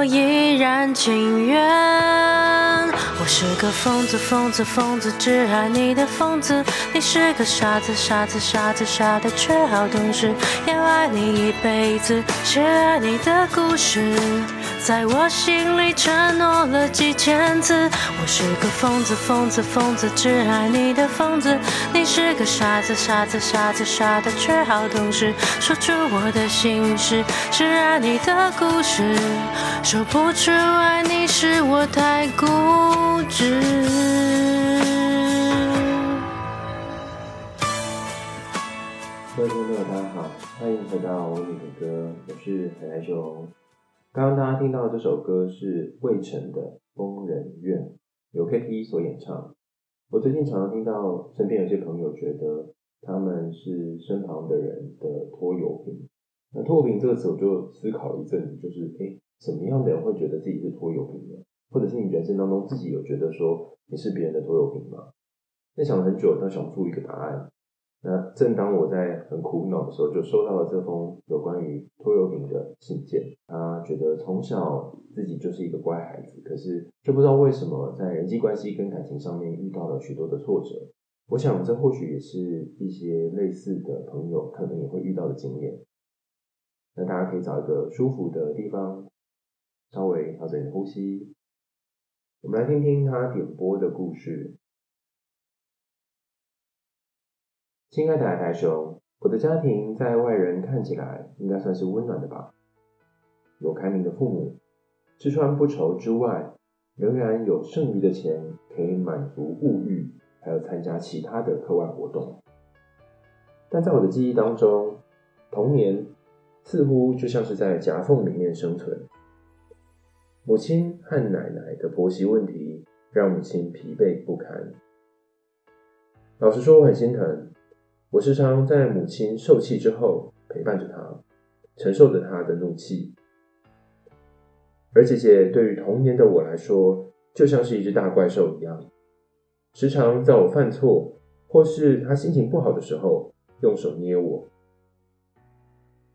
我依然情願。我是個瘋子，瘋子，瘋子，只愛你的瘋子。你是個傻子，傻子，傻子，傻得卻好懂事。要愛你一輩子，寫愛你的故事。在我心裡承諾了幾千次。我是個瘋子瘋子瘋子，子只愛你的瘋子，你是個傻子傻子傻子，傻的缺好懂事，說出我的心事，只愛你的故事，說不出愛你是我太固執。各位聽眾大家好，歡迎回到我的歌就是哪一首剛剛大家聽到的這首歌是魏晨的《瘋人願》，由 KT 所演唱。我最近常常聽到身邊有些朋友覺得他們是身旁的人的拖油瓶。那拖油瓶這個詞，我就思考一陣子，就是誒，什麼樣的人會覺得自己是拖油瓶呢？或者是你人生當中自己有覺得說你是別人的拖油瓶嗎？在想了很久，但想不出一個答案。那正當我在很苦惱的時候，就收到了這封有關於拖油瓶的信件。他覺得從小自己就是一個乖孩子，可是卻不知道為什麼在人際關係跟感情上面遇到了許多的挫折。我想這或許也是一些類似的朋友可能也會遇到的經驗。那大家可以找一個舒服的地方，稍微調整呼吸。我們來聽聽他點播的故事。親愛的海苔熊，我的家庭在外人看起來應該算是溫暖的吧？有開明的父母，吃穿不愁之外，仍然有剩餘的錢可以滿足物欲，還有參加其他的課外活動。但在我的記憶當中，童年似乎就像是在夾縫裡面生存。母親和奶奶的婆媳問題讓母親疲憊不堪。老實說，我很心疼。我時常在母親受氣之後陪伴着她，承受着她的怒氣。而姐姐對於童年的我來說，就像是一隻大怪獸一樣，時常在我犯錯或是她心情不好的時候用手捏我。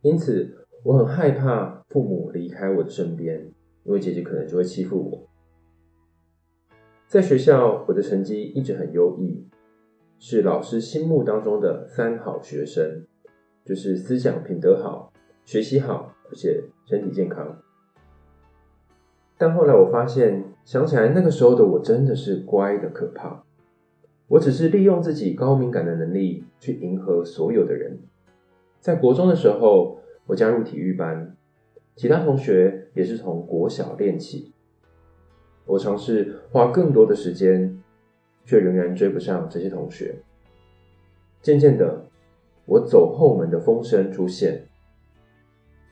因此，我很害怕父母離開我的身邊，因為姐姐可能就會欺負我。在學校，我的成績一直很優異。是老師心目當中的三好學生，就是思想品德好、學習好，而且身體健康。但後來我發現，想起來那個時候的我真的是乖得可怕。我只是利用自己高敏感的能力去迎合所有的人。在國中的時候，我加入體育班，其他同學也是從國小練起。我嘗試花更多的時間。卻仍然追不上這些同學。漸漸的，我走後門的風聲出現。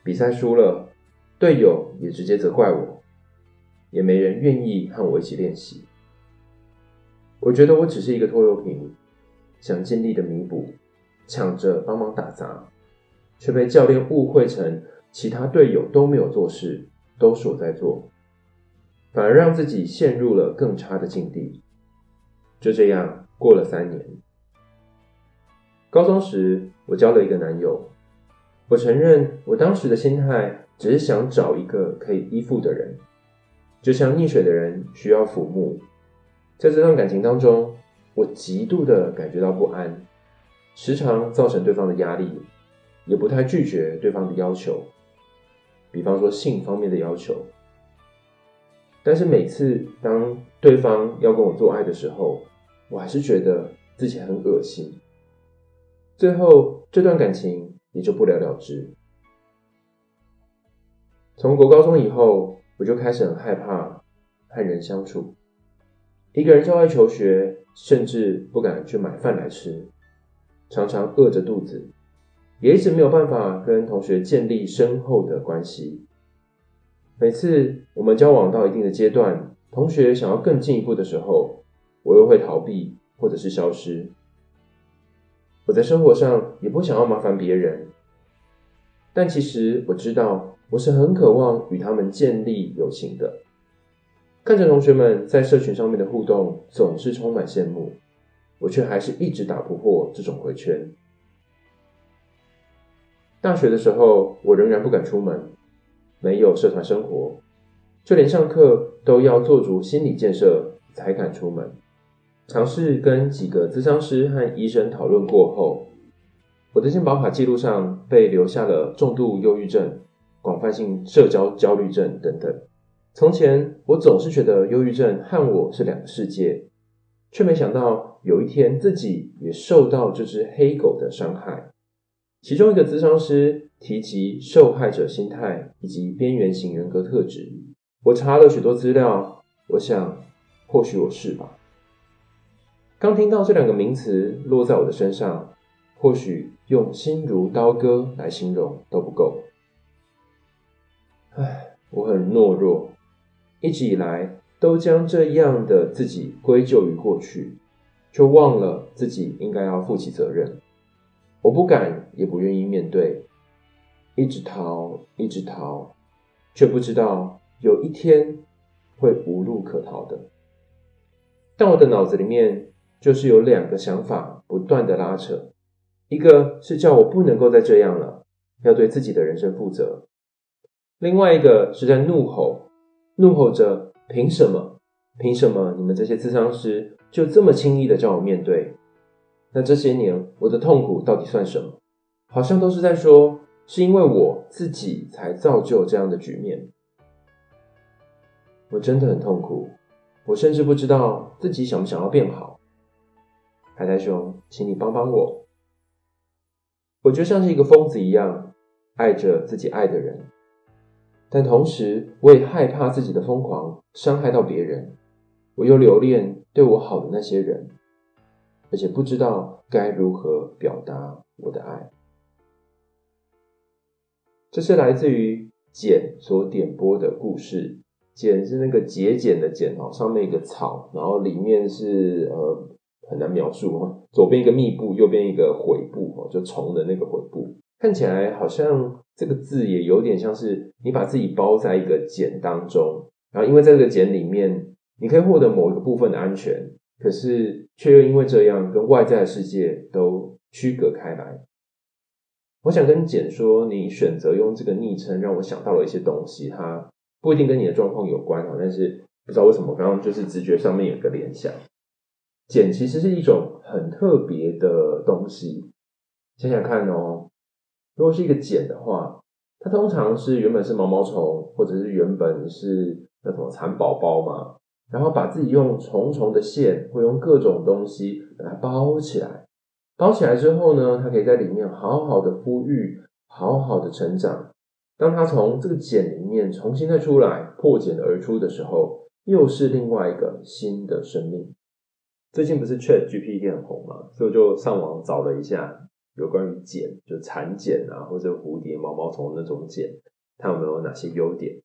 比賽輸了，隊友也直接責怪我，也沒人願意和我一起練習。我覺得我只是一個拖油瓶，想盡力的彌補，搶着幫忙打雜，卻被教練誤會成其他隊友都沒有做事，都是我在做，反而讓自己陷入了更差的境地。就這樣過了三年。高中時，我交了一個男友。我承認，我當時的心態只是想找一個可以依附的人，就像溺水的人需要浮木。在這段感情當中，我極度的感覺到不安，時常造成對方的壓力，也不太拒絕對方的要求，比方說性方面的要求。但是每次當對方要跟我做愛的時候，我還是覺得自己很噁心。最後，這段感情也就不了了之。從國高中以後，我就開始很害怕和人相處。一個人在外求學，甚至不敢去買飯來吃，常常餓着肚子，也一直沒有辦法跟同學建立深厚的關係。每次我們交往到一定的階段，同學想要更進一步的時候，我又會逃避，或者是消失。我在生活上也不想要麻煩別人，但其實我知道我是很渴望與他們建立友情的。看着同學們在社群上面的互動，總是充滿羨慕，我卻還是一直打不破這種回圈。大學的時候，我仍然不敢出門，沒有社團生活，就連上課都要做足心理建設才敢出門。嘗試跟幾個諮商師和醫生討論過後，我的健保卡記錄上被留下了重度憂鬱症、廣泛性社交焦慮症等等。從前我總是覺得憂鬱症和我是兩個世界，卻沒想到有一天自己也受到這只黑狗的傷害。其中一個諮商師提及受害者心態以及邊緣型人格特質，我查了許多資料，我想，或許我是吧。當聽到這兩個名詞落在我的身上，或許用心如刀割來形容都不夠。唉，我很懦弱，一直以來都將這樣的自己歸咎於過去，卻忘了自己應該要負起責任。我不敢，也不願意面對，一直逃，一直逃，卻不知道有一天會無路可逃的。但我的腦子裡面，就是有兩個想法不斷的拉扯，一個是叫我不能夠再這樣了，要對自己的人生負責；另外一個是在怒吼，怒吼着憑什麼？憑什麼你們這些諮商師就這麼輕易的叫我面對？那這些年我的痛苦到底算什麼？好像都是在說是因為我自己才造就這樣的局面。我真的很痛苦，我甚至不知道自己想不想要變好。海苔熊，請你幫幫我。我就像是一個瘋子一樣愛着自己愛的人，但同時我也害怕自己的瘋狂傷害到別人。我又留戀對我好的那些人，而且不知道該如何表達我的愛。這是來自於簡所點播的故事。簡是那個節儉的簡哦，上面一個草，然後裡面是呃。很難描述哦，左邊一個糸部，右邊一個蟲部哦，就蟲的那個蟲部，看起來好像這個字也有點像是你把自己包在一個繭當中，然後因為在這個繭裡面，你可以獲得某一個部分的安全，可是卻又因為這樣跟外在的世界都區隔開來。我想跟繭說，你選擇用這個昵稱，讓我想到了一些東西，它不一定跟你的狀況有關哦，但是不知道為什麼，剛剛就是直覺上面有個聯想。繭其實是一種很特別的東西，想想看哦、喔，如果是一個繭的話，它通常是原本是毛毛蟲，或者是原本是那種蠶寶寶嘛，然後把自己用重重的線或用各種東西把它包起來，包起來之後呢，它可以在裡面好好的孵育，好好的成長。當它從這個繭裡面重新再出來，破繭而出的時候，又是另外一個新的生命。最近不是 ChatGPT 很紅嘛，所以我就上網找了一下有關於繭，就蠶繭啊，或者蝴蝶、毛毛蟲那種繭，它有沒有哪些優點？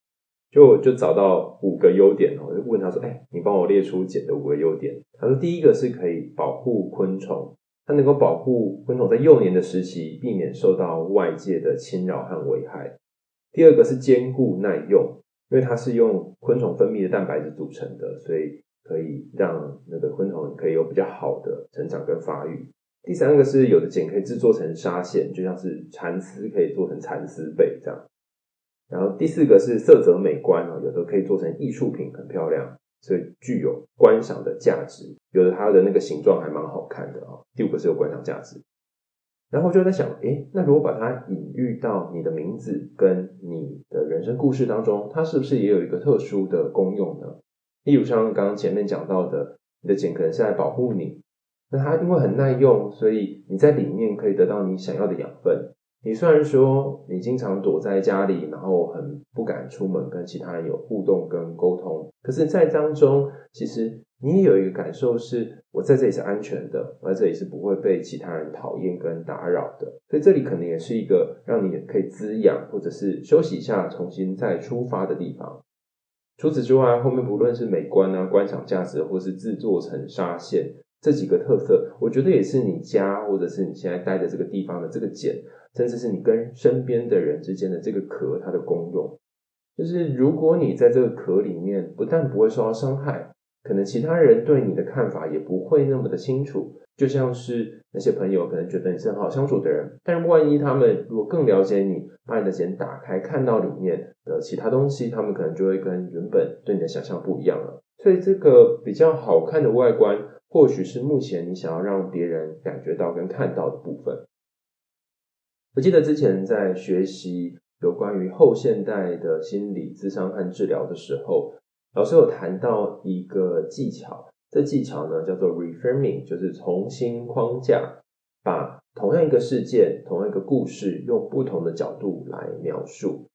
就就找到五個優點，我就問他說：“誒、欸、你幫我列出繭的五個優點。”他說：“第一個是可以保護昆蟲，它能夠保護昆蟲在幼年的時期，避免受到外界的侵擾和危害。第二個是堅固耐用，因為它是用昆蟲分泌的蛋白質組成的，所以。”可以讓那個昆蟲可以有比較好的成長跟發育。第三個是有的繭可以製作成紗線，就像是蠶絲可以做成蠶絲被這樣。然後第四個是色澤美觀啊，有的可以做成藝術品，很漂亮，所以具有觀賞的價值。有的它的那個形狀還蠻好看的啊。第五個是有觀賞價值。然後我就在想，誒、欸，那如果把它隱喻到你的名字跟你的人生故事當中，它是不是也有一個特殊的功用呢？例如像剛剛前面講到的，你的繭可能是來保護你，那它因為很耐用，所以你在裡面可以得到你想要的養分。你雖然說你經常躲在家裡，然後很不敢出門跟其他人有互動跟溝通，可是，在當中其實你也有一個感受是，我在這裡是安全的，我在這裡是不會被其他人討厭跟打擾的。所以這裡可能也是一個讓你可以滋養，或者是休息一下，重新再出發的地方。除此之外，後面不論是美觀啊、觀賞價值，或是製作成紗線這幾個特色，我覺得也是你家或者是你現在待的這個地方的這個繭，甚至是你跟身邊的人之間的這個殼，它的功用，就是如果你在這個殼裡面，不但不會受到傷害，可能其他人對你的看法也不會那麼的清楚。就像是那些朋友可能覺得你是很好相處的人，但是萬一他們如果更了解你，把你的錢打開看到裡面的其他東西，他們可能就會跟原本對你的想象不一樣了。所以這個比較好看的外觀，或許是目前你想要讓別人感覺到跟看到的部分。我記得之前在學習有關於後現代的心理諮商和治療的時候，老師有談到一個技巧。這技巧呢叫做 reframing，就是重新框架，把同樣一個事件、同樣一個故事，用不同的角度來描述。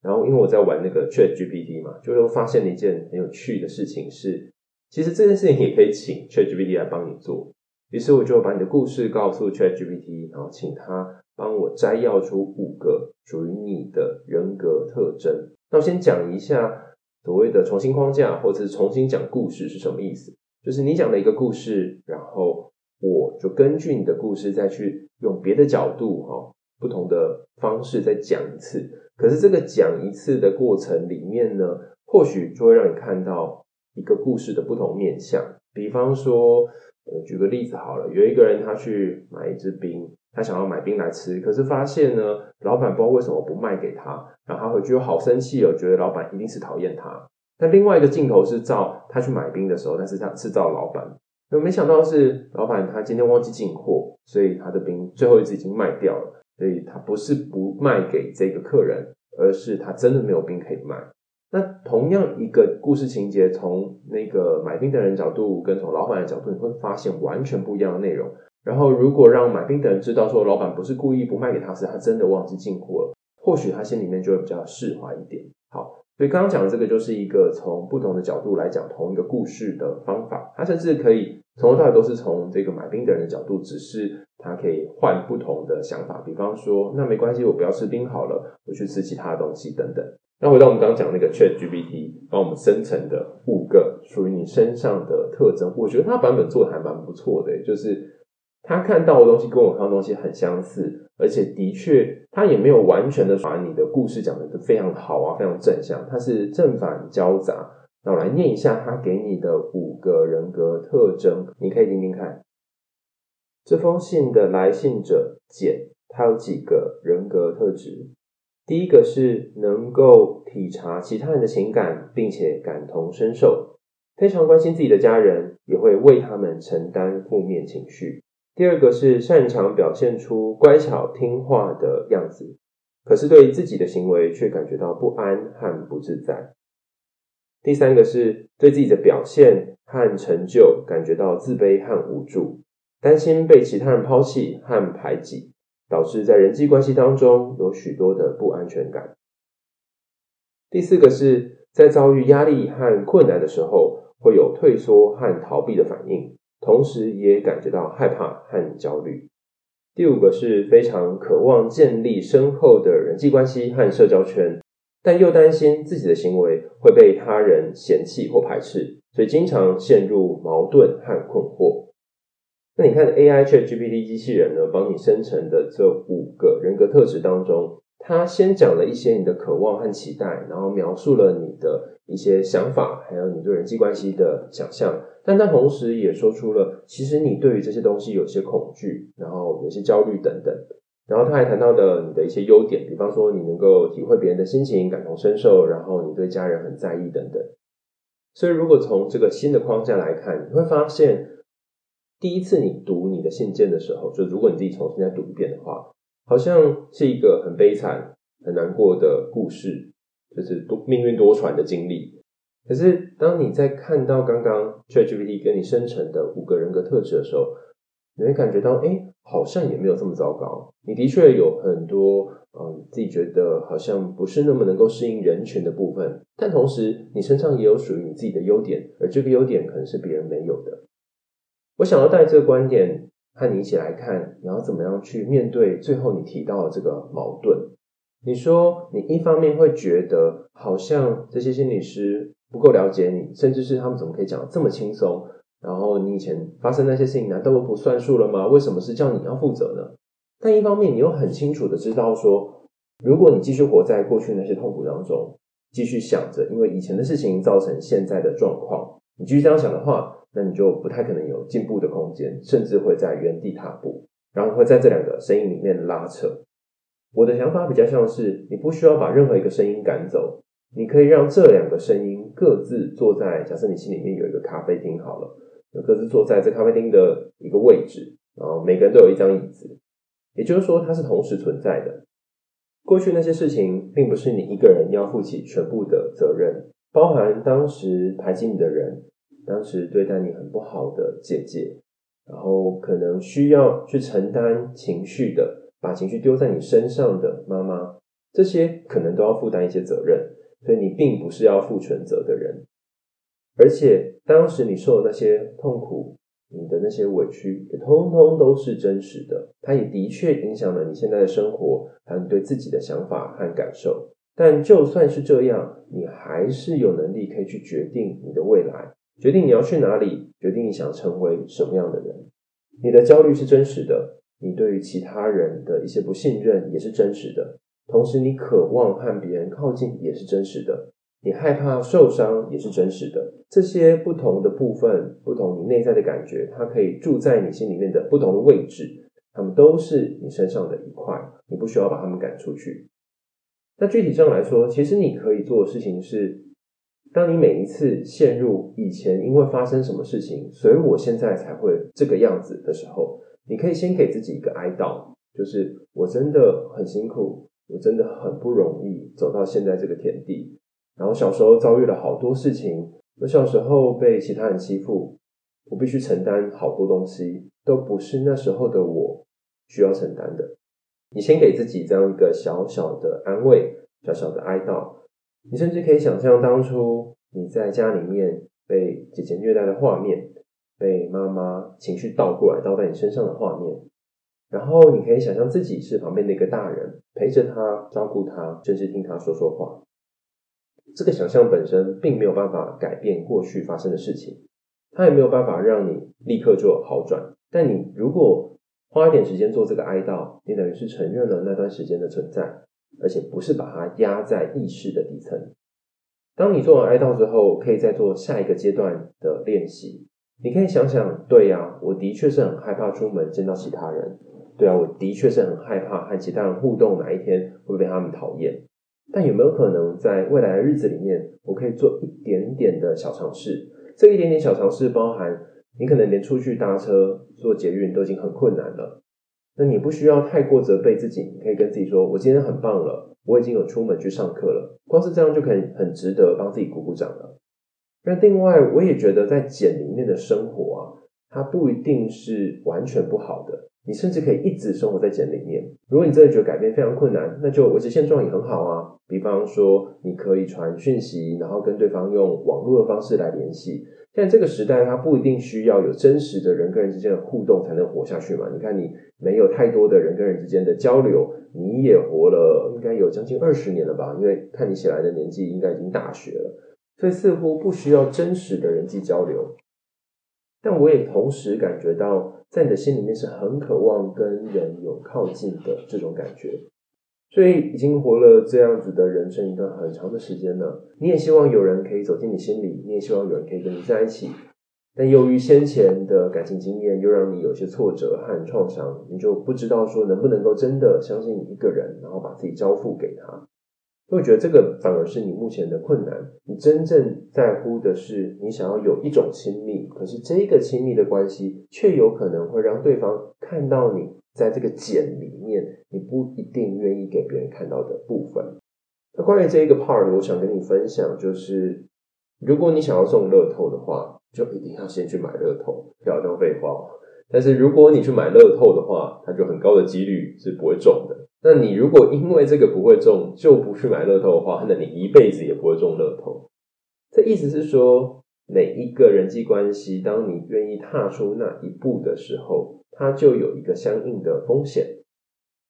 然後，因為我在玩那個 ChatGPT 嘛，就又發現了一件很有趣的事情是，其實這件事情你也可以請 ChatGPT 來幫你做。於是我就把你的故事告訴 ChatGPT，然後請他幫我摘要出五個屬於你的人格特徵。那我先講一下所謂的重新框架，或者是重新講故事是什麼意思。就是你講了一個故事，然後我就根據你的故事再去用別的角度、哦、不同的方式再講一次。可是這個講一次的過程裡面呢，或許就會讓你看到一個故事的不同面向。比方說，我舉個例子好了，有一個人他去買一支冰，他想要買冰來吃，可是發現呢，老闆不知道為什麼不賣給他，然後他回去好生氣了，覺得老闆一定是討厭他。那另外一個鏡頭是照他去買冰的時候，但是他是照老闆，那沒想到是老闆他今天忘記進貨，所以他的冰最後一次已經賣掉了，所以他不是不賣給這個客人，而是他真的沒有冰可以賣。那同樣一個故事情節，從那個買冰的人角度跟從老闆的角度，你會發現完全不一樣的內容。然後如果讓買冰的人知道說老闆不是故意不賣給他，是他真的忘記進貨了，或許他心裡面就會比較釋懷一點。好。所以剛剛講的這個就是一個從不同的角度來講同一個故事的方法，它甚至可以從頭到尾都是從這個買冰的人的角度，只是它可以換不同的想法。比方說，那沒關係，我不要吃冰好了，我去吃其他的東西等等。那回到我們剛剛講那個 ChatGPT 幫我們生成的五個屬於你身上的特徵，我覺得它版本做得還蠻不錯的，就是。他看到的東西跟我看到的東西很相似，而且的確他也沒有完全的把你的故事講得非常的好啊，非常正向，他是正反交雜。那我來念一下他給你的五個人格特徵，你可以聽聽看。這封信的來信者簡，他有幾個人格特質。第一個是能夠體察其他人的情感，並且感同身受，非常關心自己的家人，也會為他們承擔負面情緒。第二個是擅長表現出乖巧聽話的樣子，可是對自己的行為卻感覺到不安和不自在。第三個是對自己的表現和成就感覺到自卑和無助，擔心被其他人拋棄和排擠，導致在人際關係當中有許多的不安全感。第四個是在遭遇壓力和困難的時候，會有退縮和逃避的反應。同時也感覺到害怕和焦慮。第五個是非常渴望建立深厚的人際關係和社交圈，但又擔心自己的行為會被他人嫌棄或排斥，所以經常陷入矛盾和困惑。那你看，AI ChatGPT 機器人呢，幫你生成的這五個人格特質當中，它先講了一些你的渴望和期待，然後描述了你的一些想法，還有你對人際關係的想象。但他同時也說出了，其實你對於這些東西有些恐懼，然後有些焦慮等等。然後他還談到的你的一些優點，比方說你能夠體會別人的心情，感同身受，然後你對家人很在意等等。所以，如果從這個新的框架來看，你會發現，第一次你讀你的信件的時候，就如果你自己重新再讀一遍的話，好像是一個很悲慘、很難過的故事，就是多命運多舛的經歷。可是，當你在看到剛剛 ChatGPT 跟你生成的五個人格特質的時候，你會感覺到，哎、欸，好像也沒有這麼糟糕。你的確有很多，嗯，自己覺得好像不是那麼能夠適應人群的部分，但同時，你身上也有屬於你自己的優點，而這個優點可能是別人沒有的。我想要帶這個觀點和你一起來看，你要怎麼樣去面對最後你提到的這個矛盾？你說，你一方面會覺得，好像這些心理師不夠了解你，甚至是他們怎麼可以講得這麼輕鬆？然後你以前發生那些事情，難道都不算數了嗎？為什麼是叫你要負責呢？但一方面，你又很清楚的知道說，說如果你繼續活在過去那些痛苦當中，繼續想着因為以前的事情造成現在的狀況，你繼續這樣想的話，那你就不太可能有進步的空間，甚至會在原地踏步，然後會在這兩個聲音裡面拉扯。我的想法比較像是，你不需要把任何一個聲音趕走，你可以讓這兩個聲音。各自坐在，假設你心裡面有一個咖啡廳好了，各自坐在這咖啡廳的一個位置，然後每個人都有一張椅子。也就是說，它是同時存在的。過去那些事情，並不是你一個人要負起全部的責任，包含當時排擠你的人，當時對待你很不好的姐姐，然後可能需要去承擔情緒的，把情緒丟在你身上的媽媽，這些可能都要負擔一些責任。所以你並不是要負全責的人，而且當時你受的那些痛苦，你的那些委屈，也通通都是真實的。它也的確影響了你現在的生活還有你對自己的想法和感受。但就算是這樣，你還是有能力可以去決定你的未來，決定你要去哪裡，決定你想成為什麼樣的人。你的焦慮是真實的，你對於其他人的一些不信任也是真實的。同時，你渴望和別人靠近也是真實的，你害怕受傷也是真實的。這些不同的部分，不同你內在的感覺，它可以住在你心裡面的不同的位置，它們都是你身上的一塊，你不需要把它們趕出去。那具體上來說，其實你可以做的事情是，當你每一次陷入以前因為發生什麼事情，所以我現在才會這個樣子的時候，你可以先給自己一個哀悼，就是我真的很辛苦。我真的很不容易走到現在這個田地。然後小時候遭遇了好多事情，我小時候被其他人欺負，我必須承擔好多東西，都不是那時候的我需要承擔的。你先給自己這樣一個小小的安慰、小小的哀悼。你甚至可以想象當初你在家裡面被姐姐虐待的畫面，被媽媽情緒倒過來倒在你身上的畫面。然後你可以想象自己是旁邊的一個大人。陪着他，照顧他，甚至聽他說說話。這個想象本身並沒有辦法改變過去發生的事情，它也沒有辦法讓你立刻就好轉。但你如果花一點時間做這個哀悼，你等於是承認了那段時間的存在，而且不是把它壓在意識的底層。當你做完哀悼之後，可以再做下一個階段的練習。你可以想想，對呀，我的確是很害怕出門見到其他人。對啊，我的確是很害怕和其他人互動，哪一天會被他們討厭。但有沒有可能在未來的日子裡面，我可以做一點點的小嘗試？這一點點小嘗試，包含你可能連出去搭車、坐捷運都已經很困難了。那你不需要太過責備自己，你可以跟自己說：“我今天很棒了，我已經有出門去上課了。”光是這樣就可以很值得幫自己鼓鼓掌了。那另外，我也覺得在繭裡面的生活啊，它不一定是完全不好的。你甚至可以一直生活在繭裡面。如果你真的覺得改變非常困難，那就維持現狀也很好啊。比方說，你可以傳訊息，然後跟對方用網絡的方式來聯繫。但這個時代，它不一定需要有真實的人跟人之間的互動才能活下去嘛？你看，你沒有太多的人跟人之間的交流，你也活了應該有將近二十年了吧？因為看你寫來的年紀，應該已經大學了，所以似乎不需要真實的人際交流。但我也同時感覺到，在你的心裡面是很渴望跟人有靠近的這種感覺，所以已經活了這樣子的人生一段很長的時間了。你也希望有人可以走進你心裡，你也希望有人可以跟你在一起。但由於先前的感情經驗又讓你有些挫折和創傷，你就不知道說能不能夠真的相信你一個人，然後把自己交付給他。所以我覺得這個反而是你目前的困難，你真正在乎的是你想要有一種親密，可是這個親密的關係卻有可能會讓對方看到你在這個繭裡面，你不一定願意給別人看到的部分。那關於這一個 part，我想跟你分享，就是如果你想要中樂透的話，就一定要先去買樂透，不要浪費話。但是如果你去買樂透的話，它就很高的幾率是不會中的。那你如果因為這個不會中，就不去買樂透的話，那你一輩子也不會中樂透。這意思是說，每一個人際關係，當你願意踏出那一步的時候，它就有一個相應的風險。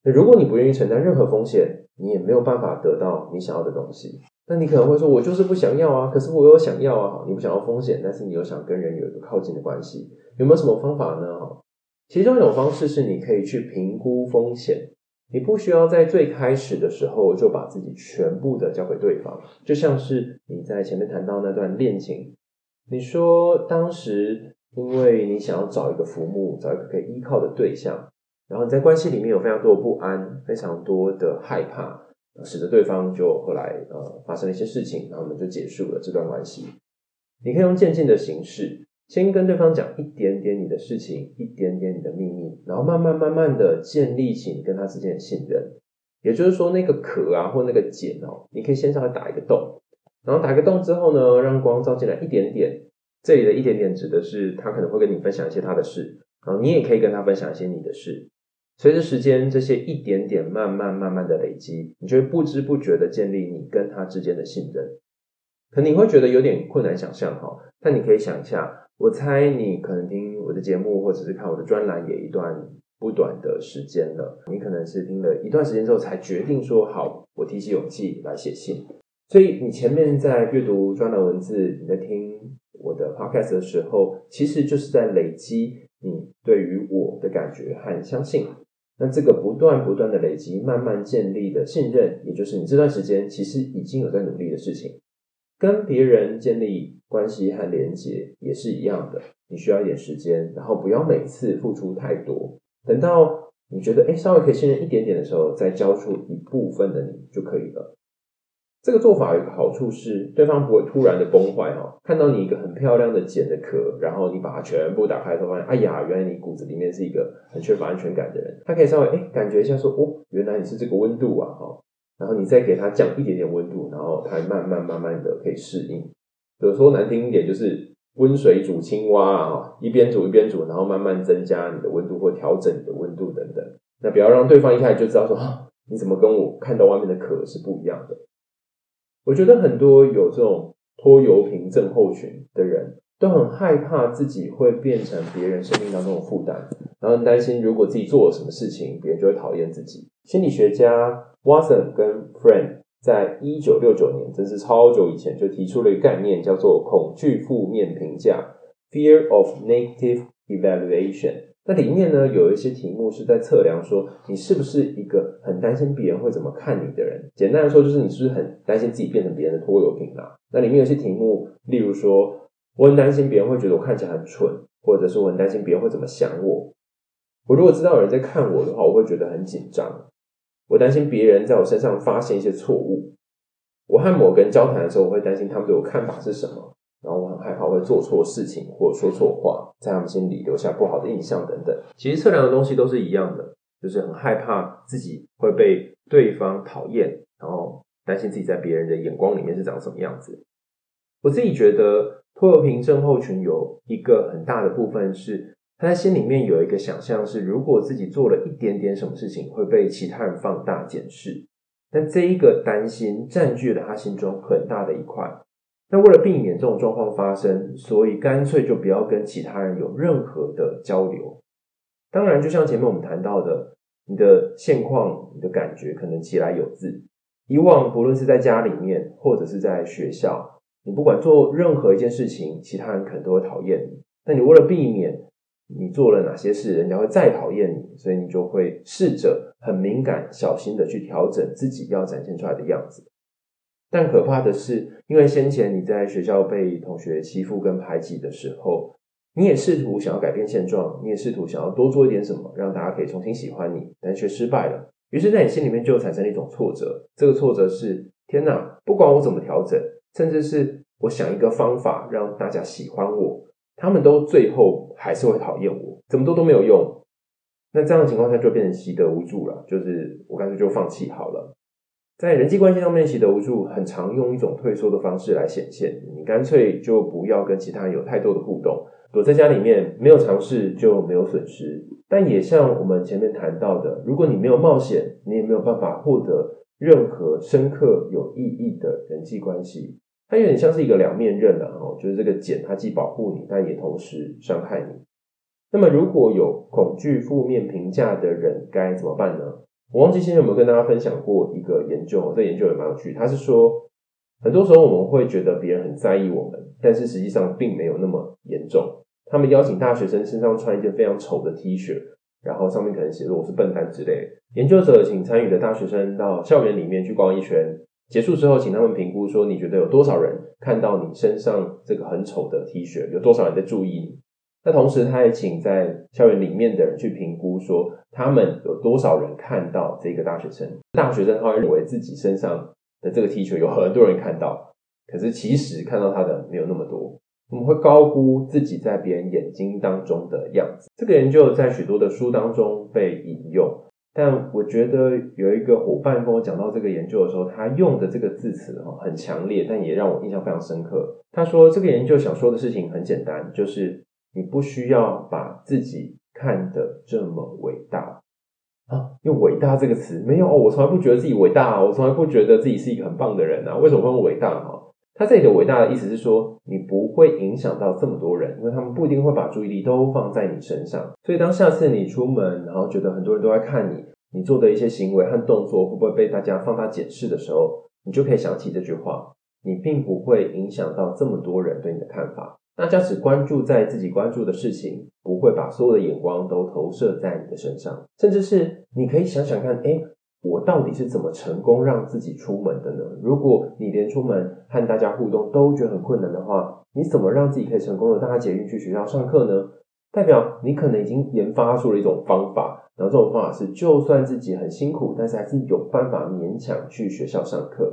那如果你不願意承擔任何風險，你也沒有辦法得到你想要的東西。那你可能會說，我就是不想要啊，可是我有想要啊。你不想要風險，但是你又想跟人有一個靠近的關係，有沒有什麼方法呢？其中一種方式是，你可以去評估風險。你不需要在最開始的時候就把自己全部的交給對方，就像是你在前面談到那段戀情，你說當時因為你想要找一個浮木，找一個可以依靠的對象，然後你在關係裡面有非常多的不安，非常多的害怕，使得對方就後來呃發生了一些事情，然後我們就結束了這段關係。你可以用漸進的形式。先跟對方講一點點你的事情，一點點你的秘密，然後慢慢慢慢地建立起你跟他之間的信任。也就是說，那個殼啊或那個繭哦，你可以先上來打一個洞，然後打個洞之後呢，讓光照進來一點點。這裡的一點點指的是他可能會跟你分享一些他的事，然後你也可以跟他分享一些你的事。隨着時間，這些一點點慢慢慢慢地累積，你就會不知不覺地建立你跟他之間的信任。可能你會覺得有點困難想象哈，但你可以想一下。我猜你可能聽我的節目，或者是看我的專欄也一段不短的時間了。你可能是聽了一段時間之後，才決定說：“好，我提起勇氣來寫信。”所以你前面在閱讀專欄文字，你在聽我的 podcast 的時候，其實就是在累積你對於我的感覺和相信。那這個不斷不斷的累積，慢慢建立的信任，也就是你這段時間其實已經有在努力的事情。跟別人建立關係和連接也是一樣的，你需要一點時間，然後不要每次付出太多。等到你覺得誒、欸、稍微可以信任一點點的時候，再交出一部分的你就可以了。這個做法有個好處是，對方不會突然的崩壞、哦、看到你一個很漂亮的繭的殼，然後你把它全部打開，都發現哎呀，原來你骨子裡面是一個很缺乏安全感的人。他可以稍微誒、欸、感覺一下說哦，原來你是這個溫度啊哈、哦。然後你再給它降一點點溫度，然後它慢慢慢慢的可以適應。有時候難聽一點就是溫水煮青蛙啊，一邊煮一邊煮，然後慢慢增加你的溫度或調整你的溫度等等。那不要讓對方一下就知道說你怎麼跟我看到外面的殼是不一樣的。我覺得很多有這種拖油瓶症候群的人。都很害怕自己會變成別人生命當中的負擔，然後擔心如果自己做了什麼事情，別人就會討厭自己。心理學家 Watson 跟 Friend 在一九六九年，真是超久以前就提出了一個概念，叫做恐懼負面評價 （Fear of Negative Evaluation）。那裡面呢，有一些題目是在測量說你是不是一個很擔心別人會怎麼看你的人。簡單來說，就是你是不是很擔心自己變成別人的拖油瓶啊？那裡面有些題目，例如說。我很擔心別人會覺得我看起來很蠢，或者是我很擔心別人會怎麼想我。我如果知道有人在看我的話，我會覺得很緊張。我擔心別人在我身上發現一些錯誤。我和某個人交談的時候，我會擔心他們對我看法是什麼，然後我很害怕會做錯事情或者說錯話，在他們心裡留下不好的印象等等。其實測量的東西都是一樣的，就是很害怕自己會被對方討厭，然後擔心自己在別人的眼光裡面是長什麼樣子。我自己覺得。拖油瓶症候群有一個很大的部分是，他在心裡面有一個想象是，如果自己做了一點點什麼事情，會被其他人放大檢視。但這一個擔心佔據了他心中很大的一塊。那為了避免這種狀況發生，所以乾脆就不要跟其他人有任何的交流。當然，就像前面我們談到的，你的現況、你的感覺可能其來有自。以往不論是在家裡面，或者是在學校，你不管做任何一件事情，其他人可能都會討厭你。但你為了避免你做了哪些事，人家會再討厭你，所以你就會試着很敏感、小心地去調整自己要展現出來的樣子。但可怕的是，因為先前你在學校被同學欺負跟排擠的時候，你也試圖想要改變現狀，你也試圖想要多做一點什麼，讓大家可以重新喜歡你，但卻失敗了。於是，在你心裡面就產生了一種挫折。這個挫折是：天哪，不管我怎麼調整，甚至是我想一個方法讓大家喜歡我，他們都最後還是會討厭我，怎麼都都沒有用。那這樣的情況下就變成習得無助了，就是我乾脆就放棄好了。在人際關係上面，習得無助很常用一種退縮的方式來顯現，你乾脆就不要跟其他人有太多的互動，躲在家裡面，沒有嘗試就沒有損失。但也像我們前面談到的，如果你沒有冒險，你也沒有辦法獲得任何深刻有意義的人際關係。它有點像是一個兩面刃，的、啊、就是這個繭，它既保護你，但也同時傷害你。那麼，如果有恐懼負面評價的人，該怎麼辦呢？我忘記之前有沒有跟大家分享過一個研究，這個、研究也蠻有趣。他是說，很多時候我們會覺得別人很在意我們，但是實際上並沒有那麼嚴重。他們邀請大學生身上穿一件非常醜的 T 恤，然後上面可能寫着“我是笨蛋”之類。研究者請參與的大學生到校園裡面去逛一圈。結束之後，請他們評估說，你覺得有多少人看到你身上這個很醜的 T 恤？有多少人在注意你？那同時，他也請在校園裡面的人去評估說，他們有多少人看到這個大學生？大學生他會認為自己身上的這個 T 恤有很多人看到，可是其實看到他的沒有那麼多。我們會高估自己在別人眼睛當中的樣子。這個研究在許多的書當中被引用。但我覺得有一個夥伴跟我講到這個研究的時候，他用的這個字詞哈很強烈，但也讓我印象非常深刻。他說這個研究想說的事情很簡單，就是你不需要把自己看得這麼偉大啊。用“偉大”這個詞，沒有，我從來不覺得自己偉大，我從來不覺得自己是一個很棒的人啊。為什麼會用偉大啊？他這裡的偉大的意思是說，你不會影響到這麼多人，因為他們不一定會把注意力都放在你身上。所以當下次你出門，然後覺得很多人都在看你，你做的一些行為和動作會不會被大家放大解釋的時候，你就可以想起這句話：你並不會影響到這麼多人對你的看法，大家只關注在自己關注的事情，不會把所有的眼光都投射在你的身上。甚至是你可以想想看，誒我到底是怎麼成功讓自己出門的呢？如果你連出門和大家互動都覺得很困難的話，你怎麼讓自己可以成功的搭捷運去學校上課呢？代表你可能已經研發出了一種方法，然後這種方法是就算自己很辛苦，但是還是有辦法勉強去學校上課。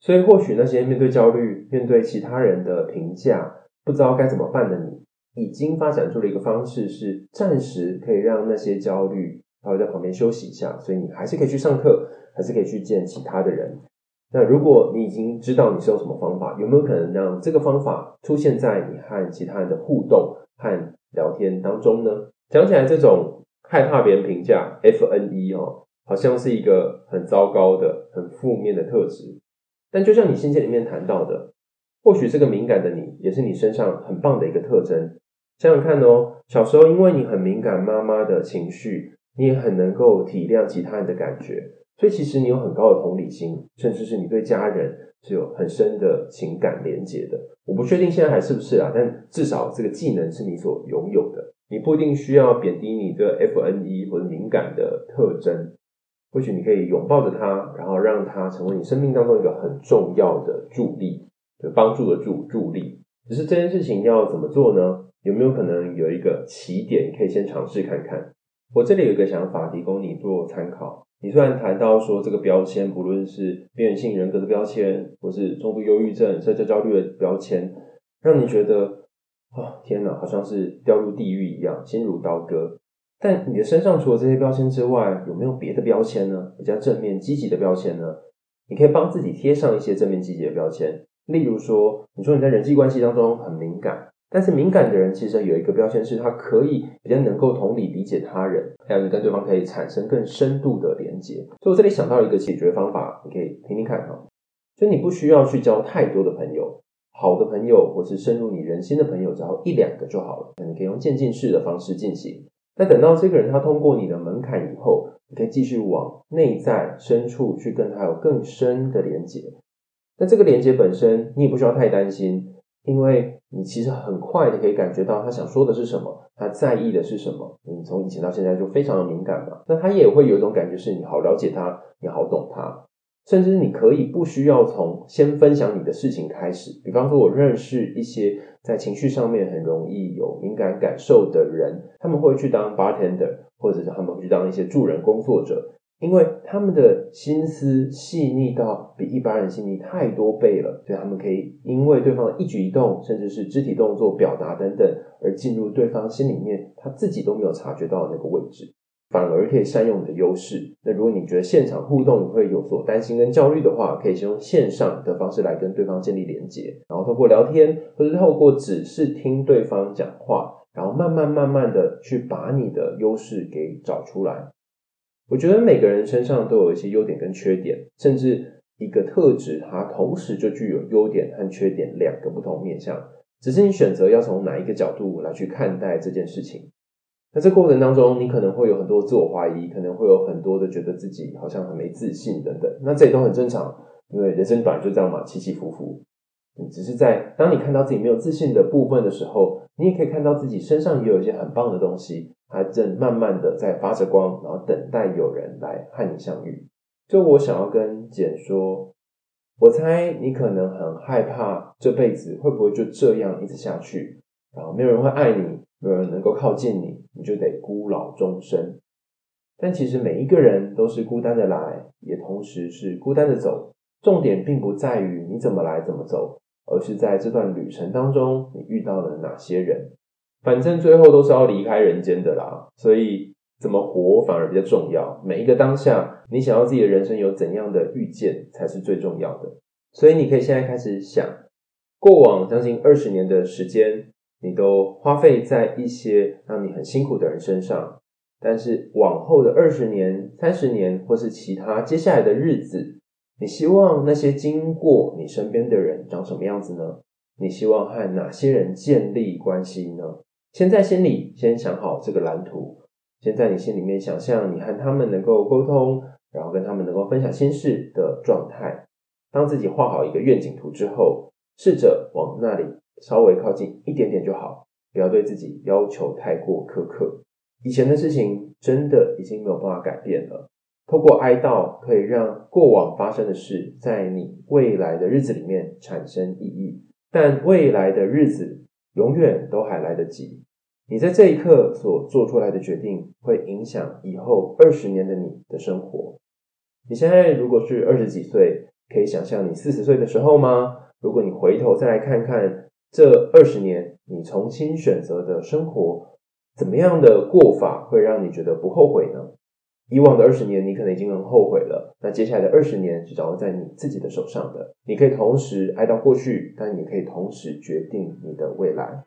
所以或許那些面對焦慮、面對其他人的評價、不知道該怎麼辦的你，已經發展出了一個方式，是暫時可以讓那些焦慮，然後在旁邊休息一下，所以你還是可以去上課，還是可以去見其他的人。那如果你已經知道你是用什麼方法，有沒有可能讓這個方法出現在你和其他人的互動和聊天當中呢？講起來，這種害怕別人評價 FNE 哦，好像是一個很糟糕的、很負面的特質。但就像你信件裡面談到的，或許這個敏感的你也是你身上很棒的一個特徵。想想看哦，小時候因為你很敏感媽媽的情緒。你也很能夠體諒其他人的感覺，所以其實你有很高的同理心，甚至是你對家人是有很深的情感連接的。我不確定現在還是不是啦、啊，但至少這個技能是你所擁有的。你不一定需要貶低你的 FNE 或者敏感的特徵，或許你可以擁抱着它，然後讓它成為你生命當中一個很重要的助力，就幫助的助助力。只是這件事情要怎麼做呢？有沒有可能有一個起點你可以先嘗試看看？我這裡有一個想法，提供你做參考。你雖然談到說這個標籤，不論是邊緣性人格的標籤，或是重度憂鬱症、社交焦慮的標籤，讓你覺得啊、哦，天哪，好像是掉入地獄一樣，心如刀割。但你的身上除了這些標籤之外，有沒有別的標籤呢？比較正面、積極的標籤呢？你可以幫自己貼上一些正面、積極的標籤。例如說，你說你在人際關係當中很敏感。但是敏感的人其實有一個標籤，是他可以比較能夠同理理解他人，還有你跟對方可以產生更深度的連結。所以，我這裡想到一個解決方法，你可以聽聽看哈。所以，你不需要去交太多的朋友，好的朋友或是深入你人心的朋友，只要一兩個就好了。那你可以用漸進式的方式進行。那等到這個人他通過你的門檻以後，你可以繼續往內在深處去跟他有更深的連結。那這個連結本身，你也不需要太擔心，因為。你其實很快的可以感覺到他想說的是什麼，他在意的是什麼。你、嗯、從以前到現在就非常的敏感嘛，那他也會有一種感覺是你好了解他，你好懂他，甚至你可以不需要從先分享你的事情開始。比方說，我認識一些在情緒上面很容易有敏感感受的人，他們會去當 bartender，或者是他們會去當一些助人工作者。因為他們的心思細膩到比一般人細膩太多倍了，所以他們可以因為對方的一舉一動，甚至是肢體動作表達等等，而進入對方心裡面他自己都沒有察覺到的那個位置，反而可以善用你的優勢。那如果你覺得現場互動你會有所擔心跟焦慮的話，可以先用線上的方式來跟對方建立連接，然後透過聊天或者透過只是聽對方講話，然後慢慢慢慢的去把你的優勢給找出來。我覺得每個人身上都有一些優點跟缺點，甚至一個特質，它同時就具有優點和缺點兩個不同面向，只是你選擇要從哪一個角度來去看待這件事情。那這過程當中，你可能會有很多自我懷疑，可能會有很多的覺得自己好像很沒自信等等，那這也都很正常，因為人生本就這樣嘛，起起伏伏。你只是在當你看到自己沒有自信的部分的時候，你也可以看到自己身上也有一些很棒的東西，它正慢慢的在發着光，然後等待有人來和你相遇。就我想要跟簡說，我猜你可能很害怕這輩子會不會就這樣一直下去，然後沒有人會愛你，沒有人能夠靠近你，你就得孤老終生。但其實每一個人都是孤單的來，也同時是孤單的走。重點並不在於你怎麼來，怎麼走。而是在這段旅程當中，你遇到了哪些人？反正最後都是要離開人間的啦，所以怎麼活反而比較重要。每一個當下，你想要自己的人生有怎樣的遇見才是最重要的。所以你可以現在開始想，過往將近二十年的時間，你都花費在一些讓你很辛苦的人身上，但是往後的二十年、三十年或是其他接下來的日子。你希望那些經過你身邊的人長什麼樣子呢？你希望和哪些人建立關係呢？先在心裡先想好這個藍圖，先在你心裡面想象你和他們能夠溝通，然後跟他們能夠分享心事的狀態。當自己畫好一個願景圖之後，試着往那裡稍微靠近一點點就好，不要對自己要求太過苛刻。以前的事情真的已經沒有辦法改變了。透過哀悼，可以讓過往發生的事，在你未來的日子裡面產生意義。但未來的日子永遠都還來得及。你在這一刻所做出來的決定，會影響以後二十年的你的生活。你現在如果是二十幾歲，可以想象你四十歲的時候嗎？如果你回頭再來看看這二十年，你重新選擇的生活，怎麼樣的過法會讓你覺得不後悔呢？以往的二十年，你可能已經很後悔了。那接下來的二十年是掌握在你自己的手上的。你可以同時哀悼過去，但也可以同時決定你的未來。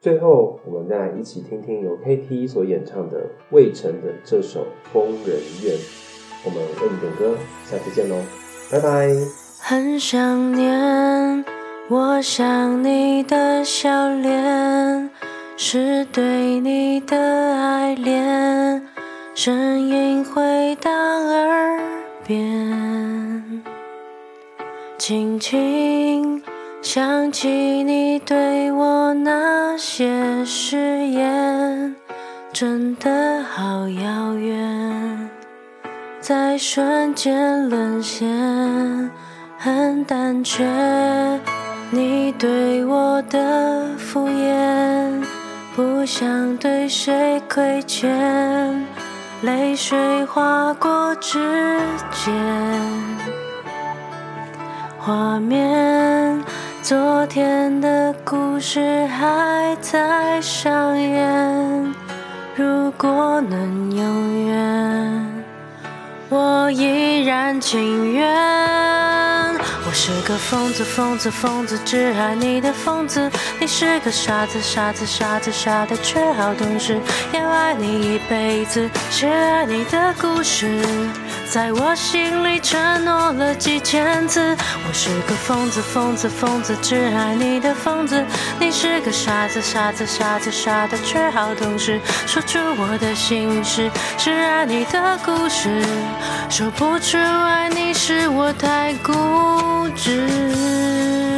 最後，我們再來一起聽聽由 KT 所演唱的魏晨的這首《瘋人願》。我們為你點歌，下次見嘍，拜拜。很想念，我想你的笑臉，是對你的愛戀。聲音回盪耳邊，輕輕想起你對我那些誓言，真的好遙遠，在瞬間淪陷，很膽怯，你對我的敷衍，不想對誰虧欠。淚水劃過指尖，畫面昨天的故事還在上演。如果能永遠，我依然情願。我是個瘋子，瘋子，瘋子，只愛你的瘋子。你是個傻子，傻子，傻子，傻的，卻好懂事。要愛你一輩子，寫愛你的故事，在我心裡承諾了幾千次。我是個瘋子，瘋子，瘋子，只愛你的瘋子。你是個傻子，傻子，傻子，傻的，卻好懂事。說出我的心事，是愛你的故事，說不出愛你。是我太固執。